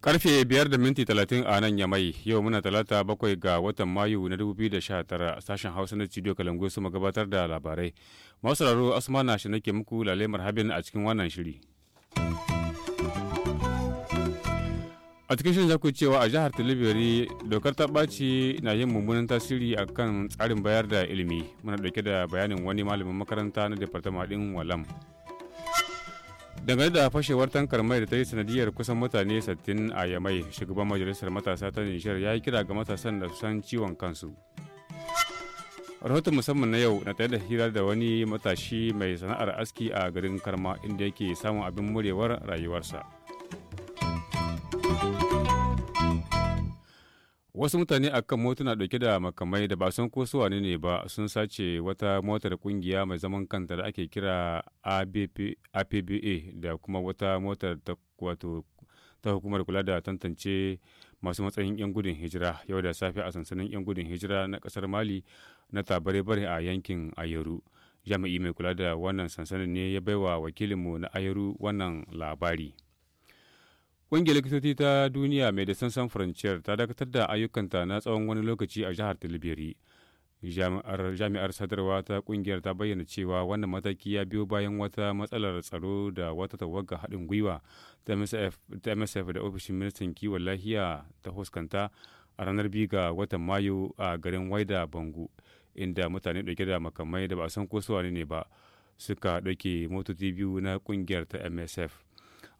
karfe 5 da minti talatin a nan yamai yau muna talata bakwai ga watan mayu na 2019 sashen hausa na studio kalangu su gabatar da labarai masu raro na shi nake muku lalemar habin a cikin wannan shiri. a cikin shirin zaku cewa a jihar tilibiri dokar ta ɓaci na yin mummunan tasiri a kan tsarin bayar da ilimi muna ɗauke da bayanin wani malamin makaranta na departama ɗin walam dangane da fashewar tankar mai da ta yi sanadiyar kusan mutane 60 a yamai shugaban majalisar matasa ta nishar ya yi kira ga matasan da san ciwon kansu rahoton musamman na yau na tare da hira da wani matashi mai sana'ar aski a garin karma inda yake samun abin murewar rayuwarsa Wasu mutane a kan motuna ɗauke da makamai da ba san ko su wane ne ba sun sace wata motar kungiya mai zaman kanta da ake kira APBA da kuma wata motar ta hukumar kula da tantance masu matsayin 'yan gudun hijira yau da safe a sansanin 'yan gudun hijira na kasar Mali na tabare-bare a yankin Ayeru. Jami'i mai kula da wannan sansanin ne ya baiwa wakilinmu na Ayeru wannan labari. Ƙungiyar likitoci ta duniya mai da sansan frontier ta dakatar da ayyukanta na tsawon wani lokaci a jihar Tilibiri. Jami'ar sadarwa ta ƙungiyar ta bayyana cewa wannan mataki ya biyo bayan wata matsalar tsaro da wata tawaga haɗin gwiwa ta MSF da ofishin ministan kiwon lafiya ta huskanta a ranar biyu ga watan Mayu a garin Waida Bangu, inda mutane ɗauke da makamai da ba a san ko ne ba suka ɗauke motoci biyu na ƙungiyar ta MSF.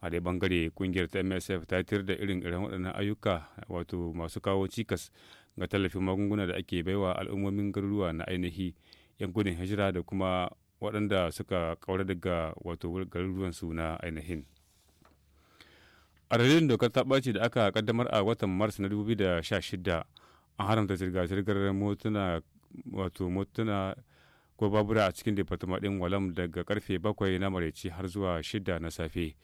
a dai bangare kungiyar ta msf ta tir da irin irin waɗannan ayyuka wato masu kawo cikas ga tallafin magunguna da ake baiwa al'ummomin garuruwa na ainihi yan gudun hijira da kuma waɗanda suka kaura daga wato suna na ainihin a dalilin dokar ta ɓaci da aka kaddamar a watan mars na 2016 an haramta zirga-zirgar motuna wato motuna ko babura a cikin departama ɗin walam daga karfe bakwai na maraici har zuwa shida na safe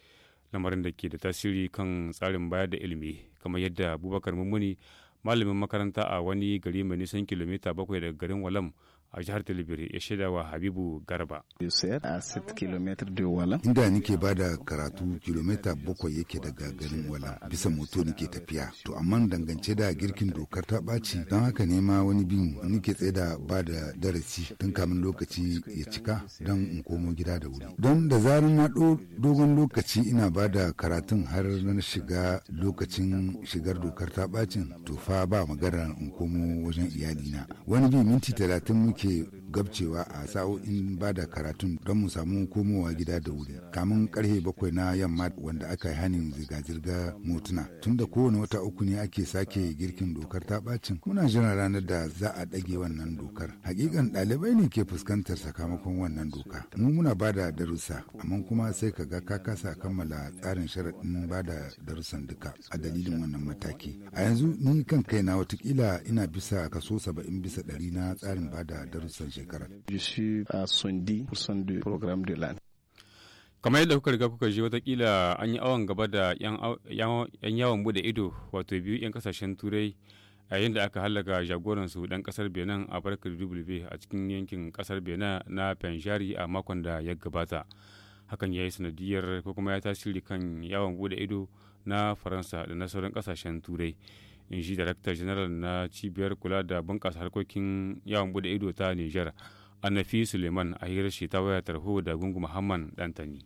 lamarin da ke da tasiri kan tsarin bayar da ilimi kamar yadda abubakar mummuni malamin makaranta a wani gari mai nisan kilomita bakwai daga garin walam a jihar Talibiri ya shaida wa Habibu Garba. Inda nike ba da karatu kilomita bakwai yake daga garin wala bisa moto nike tafiya. To amma dangance da girkin dokar ta ɓaci don haka ne ma wani bin nike tsaye da ba da darasi tun kamin lokaci ya cika don in komo gida da wuri. Don da zarar na dogon lokaci ina ba da karatun har na shiga lokacin shigar dokar ta ɓacin to fa ba magana in komo wajen iyalina. Wani bin minti talatin muke ke gabcewa a sa'o'in ba da karatun don mu samu komowa gida da wuri kamun karfe bakwai na yamma wanda aka yi hanin zirga-zirga motuna tunda kowane wata uku ne ake sake girkin dokar ta bacin muna jiran ranar da za a ɗage wannan dokar hakikan ɗalibai ne ke fuskantar sakamakon wannan doka mu muna ba da darussa amma kuma sai ka ga ka kasa kammala tsarin sharaɗin ba da darussan duka a dalilin wannan mataki a yanzu ni kan kaina watakila ina bisa kaso saba'in bisa ɗari na tsarin ba da darussan shekarar. kamar yadda kuka riga kuka ji watakila an yi awon gaba da 'yan yawon bude ido wato biyu 'yan kasashen turai a yayin da aka hallaka jagoransu dan kasar benin a farkar w a cikin yankin kasar benin na penjari a makon da ya gabata hakan ya yi sanadiyar ko kuma ya tasiri kan yawon bude ido na faransa da na sauran kasashen turai in ji darakta janaral na cibiyar kula da bunƙasa harkokin yawon bude ido ta nijar annafi suleiman a hirar shi ta waya tarho da gungu muhammad dantani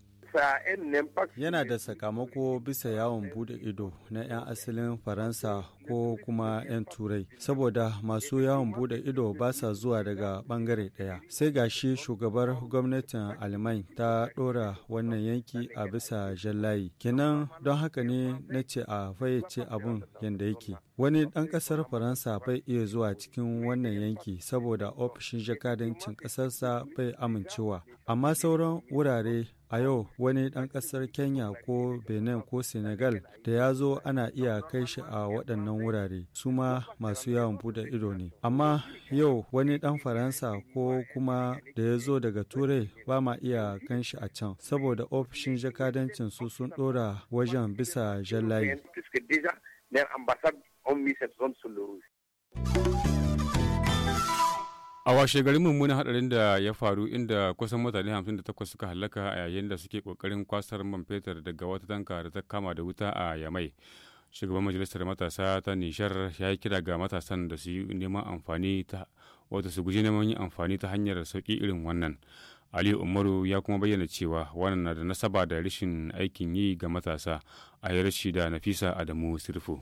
yana da sakamako bisa yawon bude ido na 'yan asalin faransa ko kuma 'yan turai saboda masu yawon bude ido ba sa zuwa daga bangare daya sai gashi shugabar gwamnatin alemany ta dora wannan yanki a bisa jallayi kenan don haka ne na ce a fayyace abun yadda yake Wani ɗan ƙasar Faransa bai iya zuwa cikin wannan yanki saboda ofishin jakadancin ƙasarsa bai amincewa, amma sauran wurare a yau wani ɗan ƙasar kenya ko benin ko senegal da ya zo ana iya kai shi a waɗannan wurare su ma masu yawon buɗe ido ne amma yau wani ɗan faransa ko kuma da ya zo daga turai ba ma iya kan shi a can saboda ofishin jakadancin su sun ɗora wajen bisa jallayi a washe garin mummunan hadarin da ya faru inda kusan mutane 58 suka halaka a yayin da suke kokarin kwasar man fetur daga wata tanka da ta kama da wuta a yamai shugaban majalisar matasa ta nishar ya yi kira ga matasan da su yi neman amfani ta wata su guji neman yin amfani ta hanyar sauki irin wannan ali umaru ya kuma bayyana cewa wannan na da nasaba da rashin aikin yi ga matasa a yarshi da nafisa adamu sirfo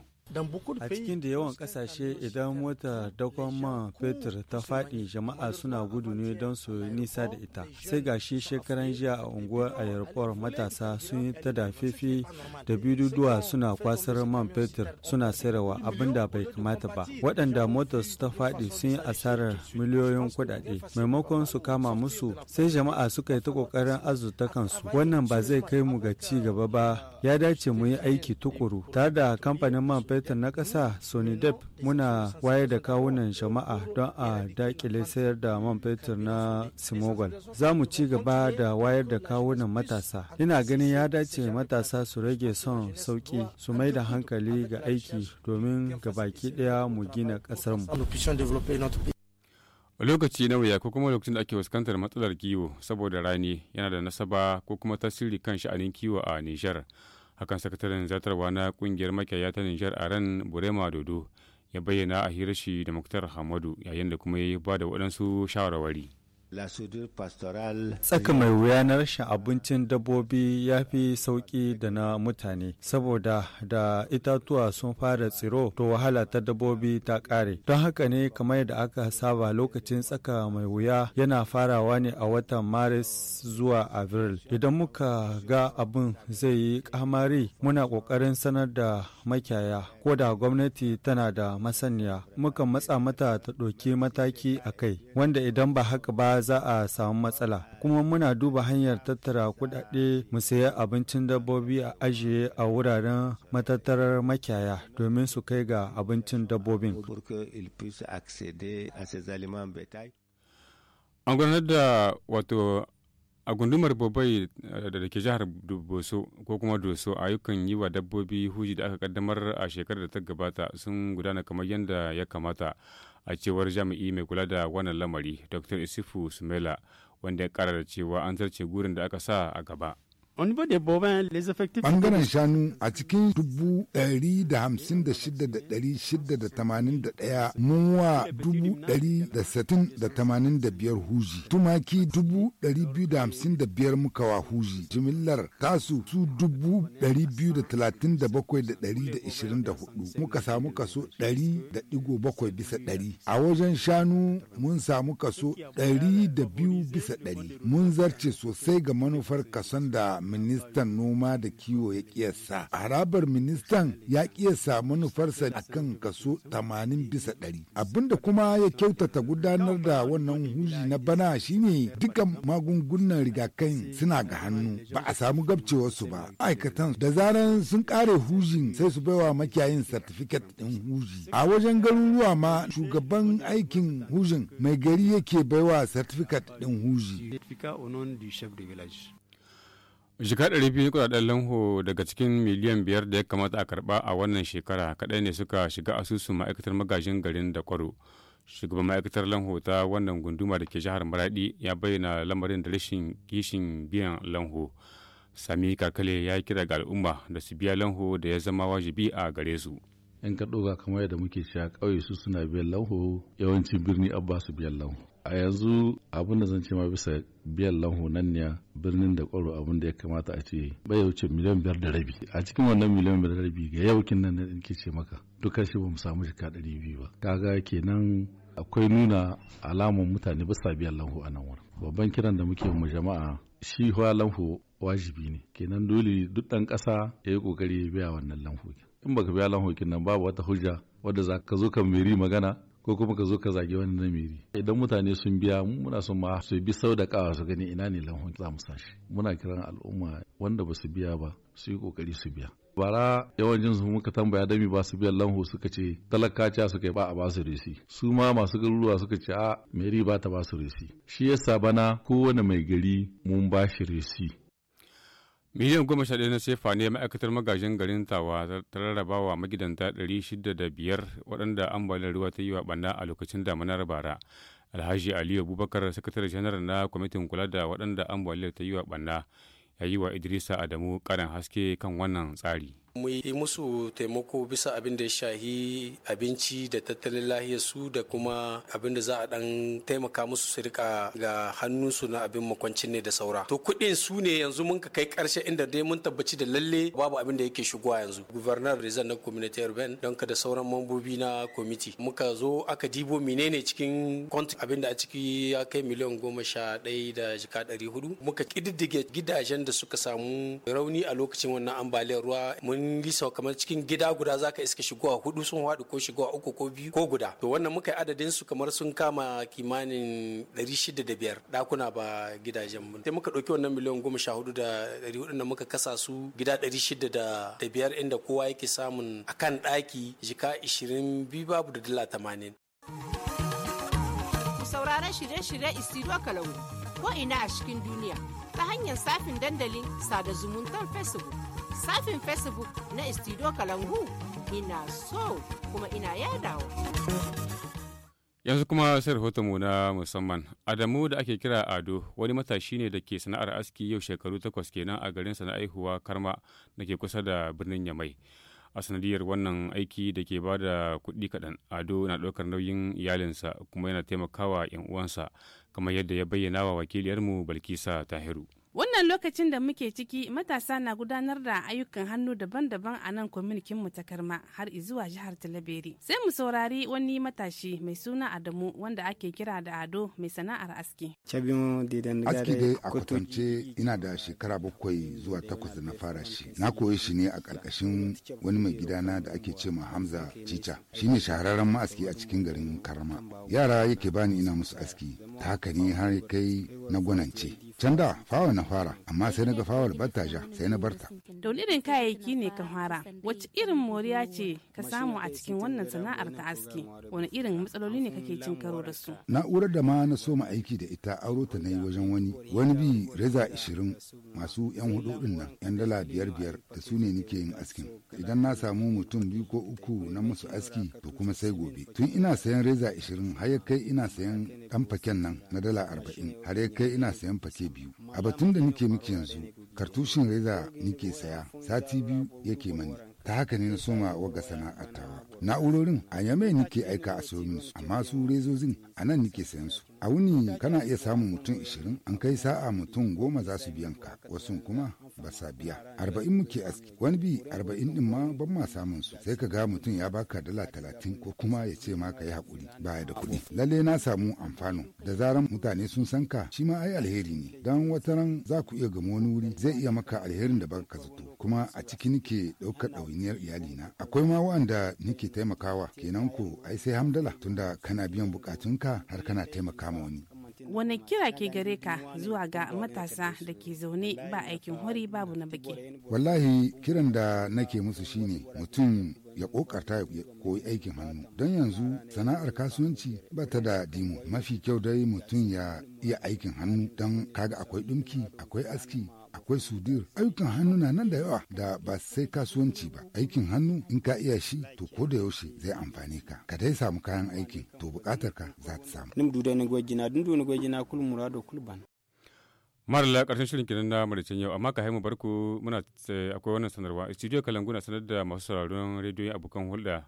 A cikin da yawan kasashe idan wata dakon man fetur ta faɗi jama'a suna gudu ne don su nisa da ita. Sai gashi shekaran jiya a unguwar Ayarpor matasa sun yi ta dafifi da biduduwa suna kwasar man fetur suna sayarwa abin da bai kamata ba. Waɗanda motar su ta faɗi sun yi asarar miliyoyin kuɗaɗe. Maimakon su kama musu sai jama'a suka yi ta ƙoƙarin azurta kansu. Wannan ba zai kai mu ga ci gaba ba. Ya dace mu yi aiki tukuru tare da kamfanin man fetur darakta na ƙasa Sony Depp muna wayar da kawunan jama'a don a dakile sayar da man fetur na Simogal. Za mu ci gaba da wayar da kawunan matasa. Ina ganin ya dace matasa su rage son sauki su mai da hankali ga aiki domin baki ɗaya mu gina ƙasarmu. lokaci na wuya ko kuma lokacin da ake fuskantar matsalar kiwo saboda rani yana da nasaba ko kuma tasiri kan sha'anin kiwo a Nijar. hakan sakataren zartarwa na kungiyar makiyaya ta nijar a ran burema dodo ya bayyana a hirar shi da muktar hamadu yayin da kuma ya ba da waɗansu shawarwari Tsaka mai wuya na rashin abincin dabbobi ya fi sauƙi da na mutane, saboda da itatuwa sun fara tsiro to wahala ta dabbobi ta ƙare. Don haka ne kamar da aka saba lokacin tsaka mai wuya yana farawa ne a watan Maris zuwa Avril. Idan muka ga abin zai yi kamari muna ƙoƙarin sanar da makiyaya ko da gwamnati tana da masaniya muka matsa mata ta ɗauki mataki a kai wanda idan ba haka ba za a samu matsala kuma muna duba hanyar tattara kuɗaɗe mu sayi abincin dabbobi a ajiye a wuraren matattarar makiyaya domin su kai ga abincin dabbobin an gudanar da wato a gundumar bobai eh, da ke jihar boso ko kuma doso ayyukan yi wa dabbobi huji da aka kaddamar a shekarar da ta gabata sun gudana kamar yadda ya kamata a cewar jami'i mai kula da wannan lamari dr isifu sumela wanda ya kara da cewa an zarce gurin da aka sa a gaba Bangaren shanu a cikin dubu ɗari da hamsin da shida da ɗari shida da tamanin da ɗaya mun wa dubu ɗari da satin da tamanin da biyar huji. Tumaki dubu ɗari biyu da hamsin da biyar muka wa huji. Jimillar tasu su dubu ɗari biyu da talatin da bakwai da ɗari da ishirin da hudu. Muka samu kaso ɗari da ɗigo bakwai bisa ɗari. A wajen shanu mun samu kaso ɗari da biyu bisa ɗari. Mun zarce sosai ga manufar kason da ministan noma da kiwo ya kiyasta. Harabar ministan ya kiyasta manufarsa a kan kaso 80 bisa 100. Abinda kuma ya kyautata gudanar da wannan huji na bana shine duka magungunan rigakai suna ga hannu ba a samu gabcewarsu ba. Aikatan da zaran sun kare hujin sai su baiwa makiyayin certificate din huji. A wajen garuruwa ma shugaban aikin hujin mai gari yake baiwa certificate din huji. Jika ɗari biyu kudaden lanho daga cikin miliyan biyar da ya kamata a karba a wannan shekara kaɗai ne suka shiga asusun ma'aikatar magajin garin da kwaro. Shugaban ma'aikatar lanho ta wannan gunduma da ke jihar maradi ya bayyana lamarin da rashin kishin biyan lanho. Sami Kakale ya kira ga al'umma da su biya lanho da ya zama wajibi a gare su. in ka ɗoga kamar yadda muke cewa ƙauye su suna biyan lanho yawancin birni abba su biyan lanho a yanzu abin da zan ce ma bisa biyan lanhu nan ne birnin da kwaro abin da ya kamata a ce bai wuce miliyan biyar da rabi a cikin wannan miliyan biyar da rabi ga yau kin nan da ke ce maka duka shi ba mu samu shika ɗari biyu ba kaga kenan akwai nuna alamar mutane ba sa biyan lanhu a nan wurin babban kiran da muke mu jama'a shi huwa lanhu wajibi ne kenan dole duk ɗan ƙasa ya yi ƙoƙari ya biya wannan lanho in baka biya lanho nan babu wata hujja wadda za ka zo ka meri magana ko kuma ka zo ka zage wani namiri idan mutane sun biya muna son ma su bi sau da kawa su gani ina ne lanhon za mu sashi muna kiran al'umma wanda ba su biya ba su yi kokari su biya bara yawancin su muka tambaya dami ba su biyan lanhu suka ce talakaciya suka yi ba a basu resi su ma masu garuruwa suka ce a mai riba ta basu su resi shi yasa bana kowane mai gari mun ba shi resi miliyan goma sha ɗaya na sefa ne ma'aikatar magajin garin tawa ta rarraba wa magidanta ɗari shida da biyar waɗanda ambaliyar ruwa ta yi wa ɓanna a lokacin damunar bara alhaji aliyu abubakar sakataren janar na kwamitin kula da waɗanda ambaliyar ta yi wa ɓanna ya yi wa idrisa adamu ƙarin haske kan wannan tsari mu yi musu taimako bisa abin da ya shahi abinci da tattalin lahiyar su da kuma abin da za a dan taimaka musu su rika ga su na abin makwancin ne da saura to kuɗin su ne yanzu mun ka kai karshe inda dai mun tabbaci da lalle babu abin da yake shigowa yanzu gubernar rezan na community urban don ka da sauran mambobi na kwamiti muka zo aka dibo menene cikin kwant abin da a ciki ya kai miliyan goma sha ɗaya da jika ɗari hudu muka ƙididdige gidajen da suka samu rauni a lokacin wannan ambaliyar ruwa mun cikin lisa kamar cikin gida guda za ka iska shigowa hudu sun haɗu ko shigowa uku ko biyu ko guda to wannan muka yi adadin su kamar sun kama kimanin 605 dakuna ba gidajen mu sai muka ɗauki wannan miliyan goma sha hudu da muka kasa su gida ɗari inda kowa yake samun akan ɗaki jika 20 bi babu da dala tamanin. sauraron shirye-shirye istiro kalangu ko ina a cikin duniya ta hanyar safin dandalin sada zumuntar facebook safin facebook na istido kalangu ina so kuma ina yadawa yanzu kuma sai rahoton mu na musamman adamu da ake kira ado wani matashi ne da ke sana'ar aski yau shekaru takwas kenan a garin sana aihuwa karma da ke kusa da birnin yamai a sanadiyar wannan aiki da ke ba da kuɗi kaɗan ado na ɗaukar nauyin iyalinsa kuma yana taimakawa 'yan uwansa kamar yadda ya bayyana wa wakiliyarmu balkisa tahiru Wannan lokacin da muke ciki matasa na gudanar da ayyukan hannu daban-daban a nan kwaminikin mu ta Karma har zuwa jihar Talabere. Sai mu saurari wani matashi mai suna Adamu wanda ake kira da Ado mai sana'ar aski. Aski dai a kwatance ina da shekara bakwai zuwa takwas da na fara shi. Na koyi shi ne a ƙarƙashin wani mai gidana da ake ce ma Hamza Cica. Shi ne shahararren ma'aski a cikin garin Karma. Yara yake bani ina musu aski. Ta haka ne har kai na gwanance. Can da fawa na fara amma sai na ga fawar bata ja sai na barta. Da wani irin kayayyaki ne ka fara wacce irin moriya ce ka samu a cikin wannan sana'ar ta aski wani irin matsaloli ne kake cin karo da su. Na'urar da ma na so soma aiki da ita aro ta na yi wajen wani wani bi reza ishirin masu yan hudu din nan yan dala biyar biyar da su ne nake yin askin idan na samu mutum biyu ko uku na musu aski to kuma sai gobe tun ina sayan reza ishirin har ya kai ina sayan dan faken nan na dala arba'in har ya kai ina sayan fake biyu a batun da nike miki yanzu kartushin reza nike saya sati biyu yake mani ta haka ne na soma ga sana'ar tawa na'urorin a yame nike aika a su amma su rezozin a nan nike sayan su a wuni kana iya samun mutum 20 an kai sa'a mutum goma za su biyan ka wasu kuma ba sa biya arba'in muke aski wani bi arba'in din ma ban ma samun su sai ka ga mutum ya baka dala talatin ko kuma ya ce ma ka yi hakuri baya da kuɗi lalle na samu amfano da zaran mutane sun san ka shi ma ai alheri ne dan wata ran za ku iya gamo wani wuri zai iya maka alherin da baka zato kuma a ciki nike ɗaukar ɗawainiyar iyalina akwai ma wa'anda nike taimakawa kenan ku ai sai hamdala tunda kana biyan bukatunka ka har kana taimaka ma wani wani kira ke gare ka zuwa ga matasa da ke zaune ba aikin hori babu na baki wallahi kiran da nake musu shine mutum ya kokarta ya koyi aikin hannu don yanzu sana'ar kasuwanci ba ta da dimu mafi kyau dai mutum ya iya aikin hannu don kaga akwai dumki akwai aski akwai sudir ayyukan hannu na nan da yawa da ba sai kasuwanci ba aikin hannu in ka iya shi to ko da yaushe zai amfani ka ka dai samu kayan aikin to bukatar ka za ta samu nim dudai na gwajina dundu na gwajina kul murado kul ban marla karshen shirin kinan na maricin yau amma ka haimu barku muna eh, akwai wannan sanarwa studio na sanar da masu sauraron rediyoyin abokan hulɗa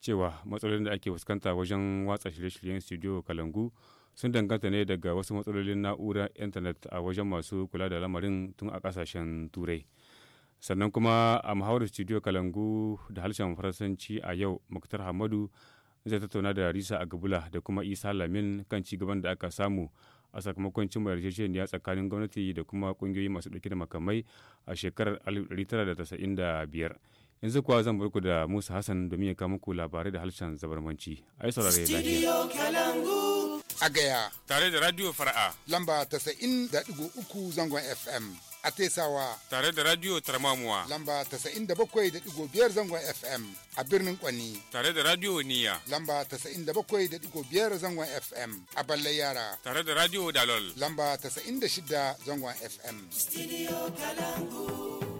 cewa matsalolin da ake fuskanta wajen watsa shirye-shiryen studio kalangu sun danganta ne daga wasu matsalolin na'urar intanet a wajen masu kula da lamarin tun a kasashen turai sannan kuma a muhawarar studio kalangu da harshen faransanci a yau muktar hamadu zai tattauna da risa a gabula da kuma isa lamin kan ci gaban da aka samu a sakamakon cimma yarjejeniya tsakanin gwamnati da kuma kungiyoyi masu ɗauke da makamai a shekarar 1995 yanzu kuwa zan barku da musa hassan domin ya kama ku labarai da harshen zabarmanci ai saurare lafiya a gaya. Tare da Radio Fara'a. Lamba tasa'in da ɗigo uku zangon FM. A Tesawa. Tare da Radio Tarmamuwa. Lamba tasa'in da bakwai da ɗigo biyar zangon FM. A birnin Kwani. Tare da Radio Niya. Lamba tasa'in da bakwai da ɗigo biyar zangon FM. A Balle Yara. Tare da Radio Dalol. Lamba tasa'in da shida zangon FM. Studio Kalangu.